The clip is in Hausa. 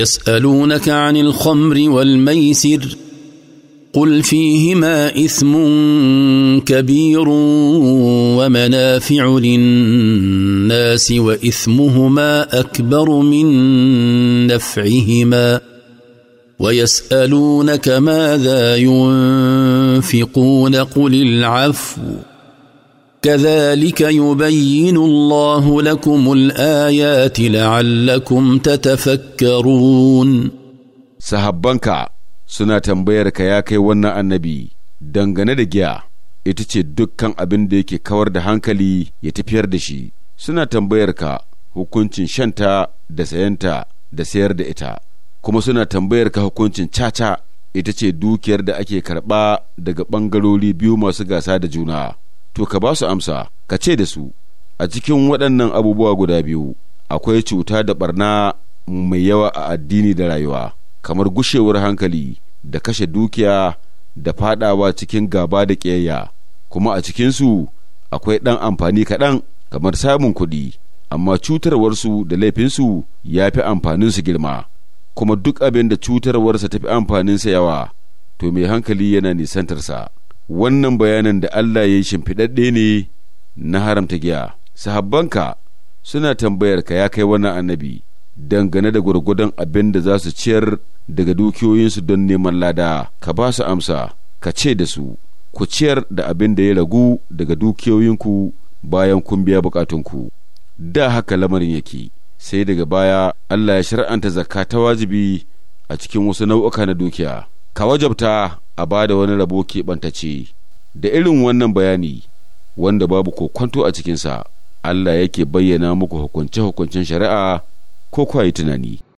يسالونك عن الخمر والميسر قل فيهما اثم كبير ومنافع للناس واثمهما اكبر من نفعهما ويسالونك ماذا ينفقون قل العفو كذلك يبين الله لكم الآيات لعلكم تتفكرون sahabbanka suna tambayar ka ya kai wannan annabi dangane da giya ita ce dukkan abin da yake kawar da hankali ya tafiyar da shi suna tambayar ka hukuncin shanta da sayanta da sayar da ita kuma suna tambayar ka hukuncin caca ita ce dukiyar da ake karɓa daga ɓangarori biyu masu gasa da juna to ka ba su amsa ka ce da su a cikin waɗannan abubuwa guda biyu akwai cuta da barna mai yawa a addini da rayuwa kamar gushewar hankali da kashe dukiya da fadawa cikin gaba da ƙiyayya kuma a cikinsu akwai ɗan amfani kaɗan kamar samun kuɗi amma cutarwarsu da laifinsu ya fi amfaninsu girma kuma duk abin da cutarwarsa ta fi amfaninsa yawa to mai hankali yana nisantarsa. wannan bayanin da Allah ya yi shimfiɗaɗɗe ne na haramta giya sahabbanka suna tambayar ka ya kai wannan annabi dangane da gwargwadon abin da za su ciyar daga dukiyoyinsu don neman lada ka ba su amsa ka ce da su ku ciyar da abin da ya ragu daga dukiyoyinku bayan kun biya bukatunku da haka lamarin yake sai daga baya Allah ya shar'anta zakka ta wajibi a cikin wasu nau'uka na dukiya ka wajabta a ba da wani rabo keɓantace da irin wannan bayani wanda babu kokwanto a cikinsa Allah yake bayyana muku hukunce-hukuncen shari'a ko kwayi tunani.